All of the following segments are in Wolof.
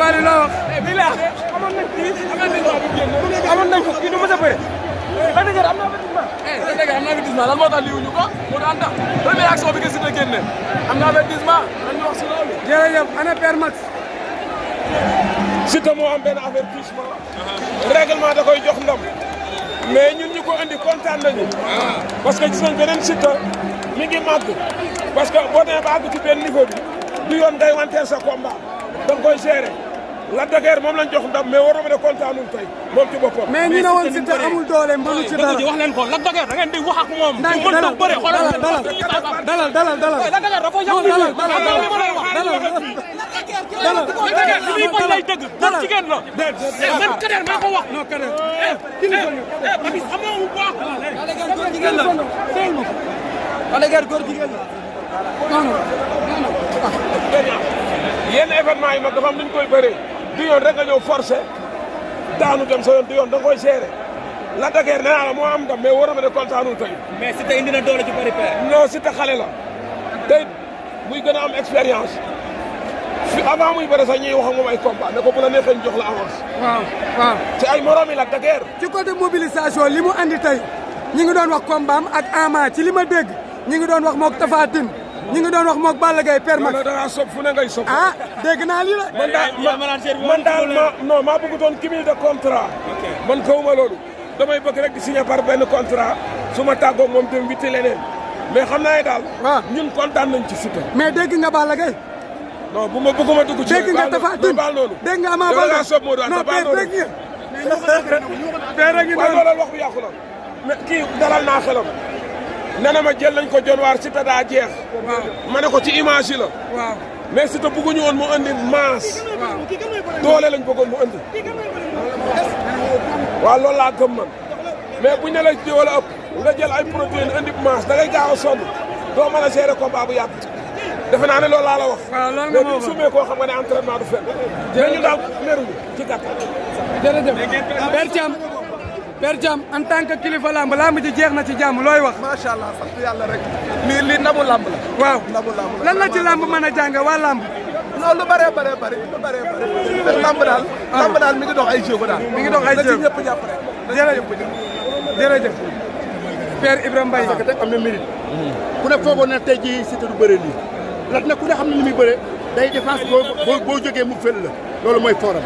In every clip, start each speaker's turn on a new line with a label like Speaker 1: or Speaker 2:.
Speaker 1: Waly loo wax. amoon nañ kii amoon nañ ko kii du mos a bëre. Lac de Guiers am na avertissement. Lac de Guiers am na avertissement lan moo tax lii wuñu ko moo daan tax première action bi nga Siteu génne
Speaker 2: am na avertissement lan ñu wax si loolu. jërëjëf ana Père Max. Siteu moo am benn avertissement. règlement da koy jox ndam. mais ñun ñu ko andi kontaan nañu. parce que gis nañ beneen Siteu mi ngi màgg. parce que boo demee ba àgg ci benn niveau bi du yoon day wanteer sa combat da nga koy gérer. Lac de Guiers moom lañ jox ndam mais waruma ne kontaanul tey moom ci boppam. mais ñu ne woon si te amul doole mënu ci dara wax
Speaker 1: leen ko Lac de Guiers da ngeen di wax ak moom. mu mën a bëre xoolal dalal dalal dalal dalal. Lac de Guiers dafa yow li dalal dalal li muy bañ lay dëgg. dalal jigéen la. man Kader maa ko wax. non Kader. Eh, Papis xam nga bu baax. góor jigéen la. Lac de Guiers góor jigéen la.
Speaker 2: non non. yéen événement yi nag dafa am lu ñu koy bëree. du yoon rek nga ñëw forcé daanu dem sa yoon du yoon da nga koy géré. la da guerre nee naa la moo am ndam mais waroon na ne kontaanul tey. mais si tey indi na doole ci bari père. non si te xale la tey muy gën a am expérience fi avant muy bëre sax ñuy wax ak moom ay combat ne ko bu la neexee ñu jox la ay moromi la da guerre. ci côté mobilisation li mu andi
Speaker 1: ñi ngi doon wax combat am ak Ama li ma dégg ñi ngi doon wax moog Tapha ñu
Speaker 2: ngi doon wax moog Balla Gaye père mag da ngaa sob fu sob ah dégg naa lii la man daal man daal ma non maa bëgg doon cumul de contrat man kawuma damay bëgg rek di signé par benn contrat su ma tàggoog moom dem witti leneen mais xam naa ne daal waaw ñun kontaan nañ ci Siteu mais dégg nga Balla Gaye non bu ma bëgguma dugg ci dégg nga Tapha Tine baal loolu dégg nga Ama Baldé sob moo doon baal loolu dégg nga
Speaker 1: père a ngi doon wax
Speaker 2: bu kii dalal naa nana ma jël lañ ko jonwaar Siteu daa jeex. ma ne ko ci image yi la. waaw mais Siteu bëgguñu woon mu andi masse. doole lañ bëggoon mu andi. waaw loolu laa gëm mais buñ ne la ji wala ëpp nga jël ay protéines andi masse dangay gaaw gaa sonn doo mën a ko combat bu yàgg. defe naa ne loolu laa la wax. loolu nga ma xam nga ne entraînement du fen. jërëjëf mais ñu
Speaker 1: daal ci gàttal. Père Thiam en tant que kilifa lamb lamb ji jeex na ci jàmm looy wax.
Speaker 2: macha allah sant yàlla rek.
Speaker 1: lii lii ndamu lamb la. waaw ndamu lamb la lan la ci lamb mën a jàng waa lamb. non lu bëree bëree bëri lu
Speaker 2: bëree bëri. lamb daal
Speaker 1: ah. lamb daal mi ngi dox ay jéego daal. mi ngi dox ay jéego na ci ñëpp jàpp rek. jërëjëf jërëjëf. Père Ibrahima Mbaye. parce que tey am na mérite. ku ne foogoon na tey jii Siteu du bëre lii. lan nag ku ne xam na ni muy bëre day défense boo boo jógee mu fël la loolu mooy fooram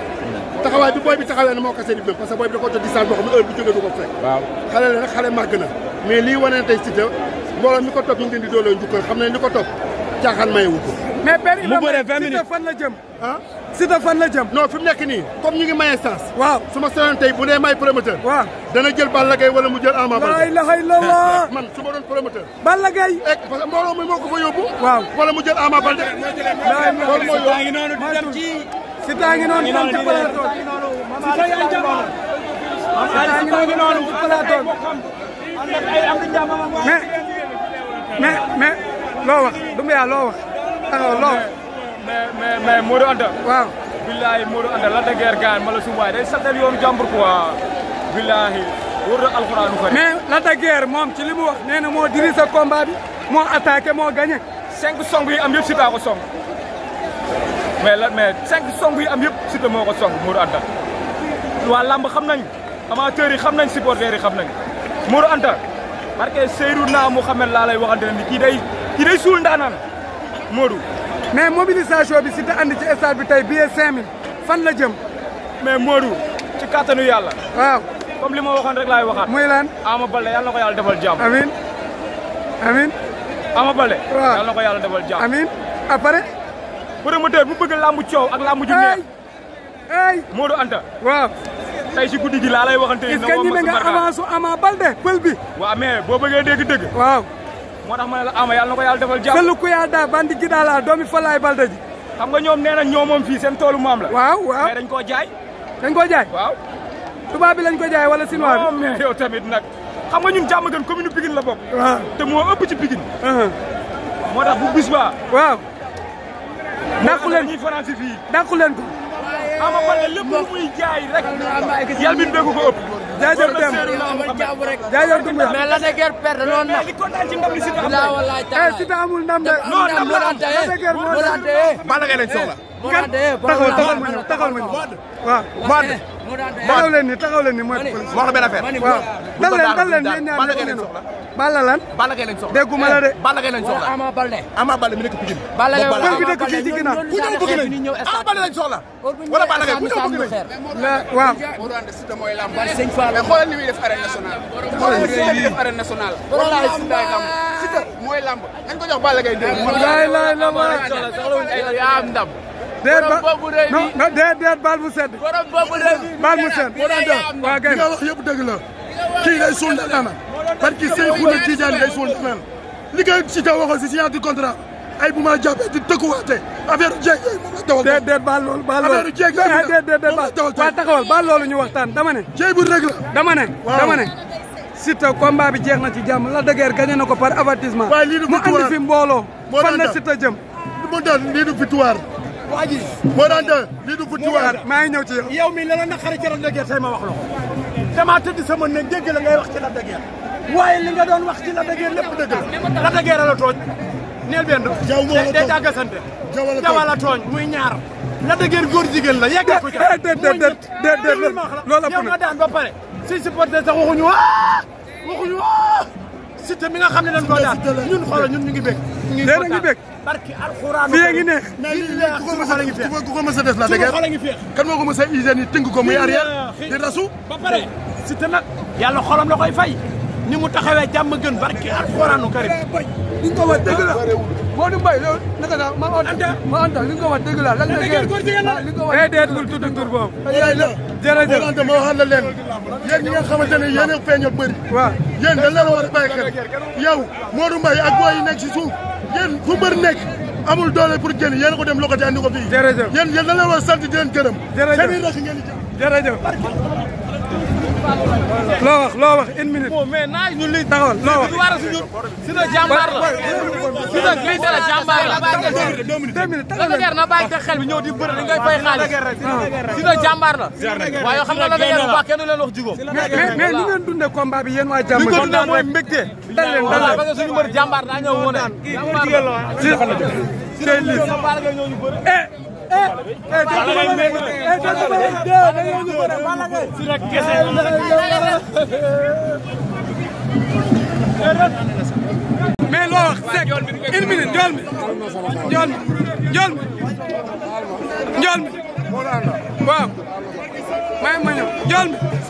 Speaker 1: taxawaay bi booy bi taxawee moo kase di bëm booy bi da ko jot distance boo xam ne bu jógee du ko fekk waaw xale la nag xale màgg na lii wane na tey mi ko topp ñu ngi dooloo njukkal xam ne li ko topp caaxaan maye wu ko mais père Ibrahima fan la jëm ah Siteu fan la jëm non fi mu nekk nii comme ñu ngi maye sens waaw su ma sonoon bu dee may promoteur waaw dana jël Balla Gaye wala mu jël Ama Baldé laa man su ma doon promoteur Balla Gaye eh, Siteu ngi noonu ci plateau Siteu ngi noonu ci plateau mais mais mais loo wax Doumbouya loo Anta waaw billahi Modou Anta la da gaan ma la day satal yoonu jàmbur quoi billahi wóor na alxuraanu kariim mais la da guerre moom ci li mu wax nee na moo diri sa combat moo attaqué moo gagné song yi am yëpp Siteu ko song mais la mais cinq song yi am yëpp Siteu moo ko song Modou Anta waa làmb xam nañ amateurs yi xam nañ supporters yi xam nañ Modou Anta barke Seydouna Mouhamed laa lay waxante ne kii day kii day suul ndaanaan Modou mais mobilisation bi Siteu andi ci stade bi tey bi cinq mille fan la jëm mais Modou ci kattanu yàlla waaw comme li ma waxoon rek laay waxaat muy lan Ama Baldé yàlla na ko yàlla defal jàmm amin amin Ama Baldé waaw yàlla na ko yàlla defal jàmm amin après promoteur bu bëgg làmb coow ak làmb ju neex. ay Modou Anta. waaw. tey si guddi gi laa lay waxante ne. nga woo nga avance Ama Baldé pël bi. waaw mais boo bëggee dégg-dégg. waaw. moo tax ma ne la Ama yàlla na ko yàlla defal jàmm. këll ku yàlla daa bandi gi daal doomi Falaye Baldé ji. xam nga ñoom nee ñoo moom fii seen toolu maam la. waaw waaw mais dañ koo jaay. dañ koo jaay waaw. tubaab bi lañ ko jaay wala chinois bi. mais yow tamit nag xam nga ñun jàmm gën commune Pikine la bokk. waaw moo ëpp ci Pikine. Uh-huh. moo tax bu dàqu leen dàqu leen ko. Ama Baldé lépp lu muy jaay rek yàlla mi bëgg ko ëpp. jaajëf Deme jaajëf Deme mais la dëgër per dañoo nax. eh si te amul ndam de. non ndam la am Balla eh, Gaye lañ soxla. kan taxawal taxawal ma ñëw taxawal ma ñëw waaw. Eh. taxaw leen ni taxaw leen ni mooy. ma wax la benn affaire waaw. dal leen dal leen yéen ñaar Balla lan. Balla Gaye lañ la eh, de. Balla Gaye lañ Ama Baldé. mi nekk ku ñëw bëgg nañ Ama soxla. wala Balla Gaye ku ñëw bëgg nañ. la
Speaker 2: déet ba non non déet déet baal mu
Speaker 1: sedd. baal mu sedd. waaw kay li nga wax yëpp dëgg la kii ngay suul ndanaana parce que Seydou Tidiane ngay suul ndanaana te waxoon si signature contrat ay bu ma jàppee di tëkkuwaatee la tawal. déet déet baal loolu baal loolu affaire jeeg yooyu déet ñu waxtaan dama ne. jeeg bu rëgg la dama ne dama ne. Siteu combat bi jeex na ci jàmm la de Guiers na ko par avertissement. mu andi fi mbooloo. fan la Siteu jëm. moo daan lii du victoire waa ji moo daan de du futti waxaat maa ngi ñëw ci yow yow mi la la naqari ci Lac de Guiers tey ma wax la ko damaa tëdd ne dégg la ngay li nga doon wax ci Lac de Guiers lépp dëgg la Lac de Guiers la tooñ neel benn day dàgga sante jawa la tooñ muy ñaar Lac de Guiers góor jigéen la yeggal ko ca déedéet eh, loolu yow nga daan ba pare si supporter sax waxuñu ah! waxuñu ah! Siteu mi nga xam ne dañ koo ñun xoolal ñun ñu ngi bég. ñu ngi kontaan bég. barki alxuraan fii ngi neex. mais lii de ku ko mës na def a kan moo ko mës a hygiène yi tënk ko rasu. ba pare Siteu nag yàlla xolam la koy ni mu taxawee jàmm gën barki alxuraanu karim. Eh, li nga ko wax dëgg la ah, ma ko wax dëgg la lan la ngeen ah, wax eh, déedéet bul tudd tur boobu. Ah, jërëjëf Modou Anta ma waxal la leen yéen a feeñoo a bàyyi xel yow Modou Mbaye ak nekk si suuf yéen fu mbër nekk. amul doole pour génn yéen ko dem lokati andi ko fii. jërëjëf yéen yéen da war a sant di leen gërëm. jërëjëf seen i rakk ngeen di jëf. jërëjëf. loo wax loo wax une minute. mais ñu lii taxawal loo wax. si na jàmbaar la si na lii dara jàmbaar la. deux minutes taxawal na bàyyi xel bi ñëw di bëri dañ koy fay xaalis. si na jàmbaar la. waaye yoo xam nga nag yéen bu baax kenn leen wax jigóo. mais mais li ngeen dundee combat bi yéen waa jàmbaar. li ko dundee mooy mbégte. dal leen dal leen parce que suñu mbër jàmbaar daa ñëw wane. jàmbaar la si mais loo wax sec une minute njool mi njool mi njool mi njool mi waaw may ma ñëw njool mi